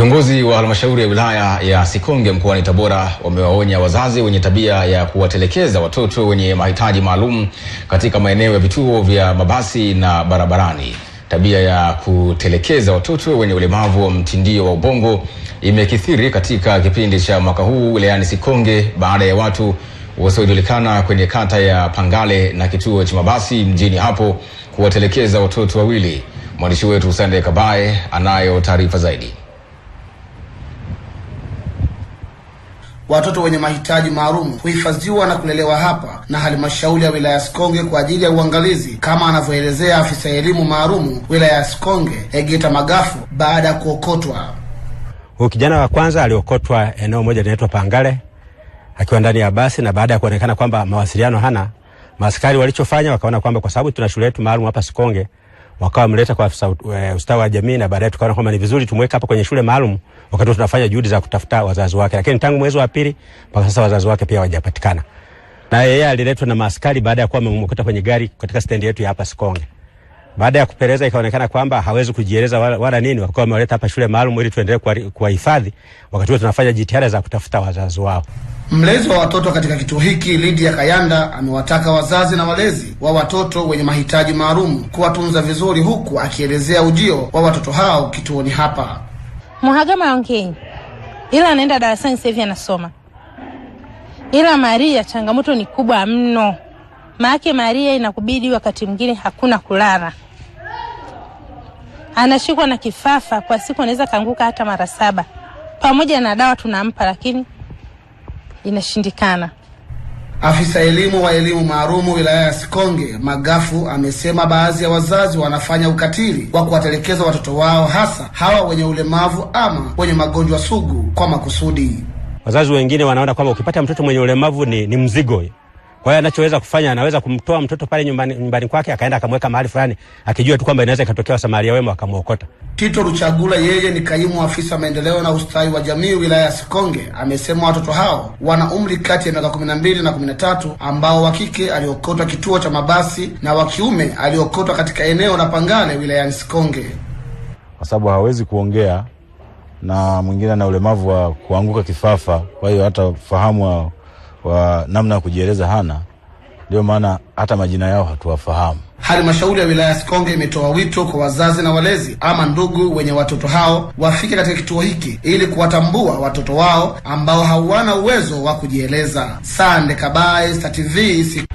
Viongozi wa halmashauri ya wilaya ya Sikonge mkoani Tabora wamewaonya wazazi wenye tabia ya kuwatelekeza watoto wenye mahitaji maalum katika maeneo ya vituo vya mabasi na barabarani. Tabia ya kutelekeza watoto wenye ulemavu wa mtindio wa ubongo imekithiri katika kipindi cha mwaka huu wilayani Sikonge baada ya watu wasiojulikana kwenye kata ya Pangale na kituo cha mabasi mjini hapo kuwatelekeza watoto wawili. Mwandishi wetu Sande Kabaye anayo taarifa zaidi. watoto wenye mahitaji maalum kuhifadhiwa na kulelewa hapa na halmashauri ya wilaya Sikonge kwa ajili ya uangalizi, kama anavyoelezea afisa elimu maalumu wilaya ya Sikonge Egeta Magafu baada ya kuokotwa. Huyu kijana wa kwanza aliokotwa eneo moja linaitwa Pangale akiwa ndani ya basi, na baada ya kuonekana kwamba mawasiliano hana, maaskari walichofanya wakaona kwamba kwa sababu tuna shule yetu maalum hapa Sikonge wakawa mleta kwa afisa eh, ustawi wa jamii, na baadaye tukaona kwamba ni vizuri tumweka hapa kwenye shule maalum, wakati tunafanya juhudi za kutafuta wazazi wake. Lakini tangu mwezi wa pili mpaka sasa wazazi wake pia hawajapatikana, na yeye aliletwa na maaskari baada ya kuwa amemkuta kwenye gari katika stendi yetu ya hapa Sikonge. Baada ya kupeleza ikaonekana kwamba hawezi kujieleza wala, wala nini, wakawa wameleta hapa shule maalum ili tuendelee kuwahifadhi, wakati huo tunafanya jitihada za kutafuta wazazi wao. Mlezi wa watoto katika kituo hiki Lydia Kayanda amewataka wazazi na walezi wa watoto wenye mahitaji maalum kuwatunza vizuri, huku akielezea ujio wa watoto hao kituoni hapa. Mhagama Yongeni ila anaenda darasani sasa hivi anasoma, ila Maria changamoto ni kubwa mno, maake Maria inakubidi wakati mwingine hakuna kulala, anashikwa na kifafa, kwa siku anaweza kaanguka hata mara saba. Pamoja na dawa tunampa lakini inashindikana. Afisa elimu wa elimu maalumu wilaya ya Sikonge Magafu amesema baadhi ya wazazi wanafanya ukatili wa kuwatelekeza watoto wao hasa hawa wenye ulemavu ama wenye magonjwa sugu kwa makusudi. Wazazi wengine wanaona kwamba ukipata mtoto mwenye ulemavu ni, ni mzigo kwa hiyo anachoweza kufanya anaweza kumtoa mtoto pale nyumbani, nyumbani kwake akaenda akamweka mahali fulani akijua tu kwamba inaweza ikatokea wasamaria wema wakamuokota. Tito Luchagula yeye ni kaimu afisa maendeleo na ustawi wa jamii wilaya ya Sikonge amesema watoto hao wana umri kati ya miaka 12 na 13, ambao wa kike aliokotwa kituo cha mabasi na wa kiume aliokotwa katika eneo la Pangale wilayani Sikonge, kwa sababu hawezi kuongea na mwingine ana ulemavu wa kuanguka kifafa, kwa hiyo hata fahamu wa namna ya kujieleza hana, ndio maana hata majina yao hatuwafahamu. Halmashauri ya wilaya ya Sikonge imetoa wito kwa wazazi na walezi ama ndugu wenye watoto hao wafike katika kituo hiki ili kuwatambua watoto wao ambao hawana uwezo wa kujieleza. Sande Kabaye, Star TV.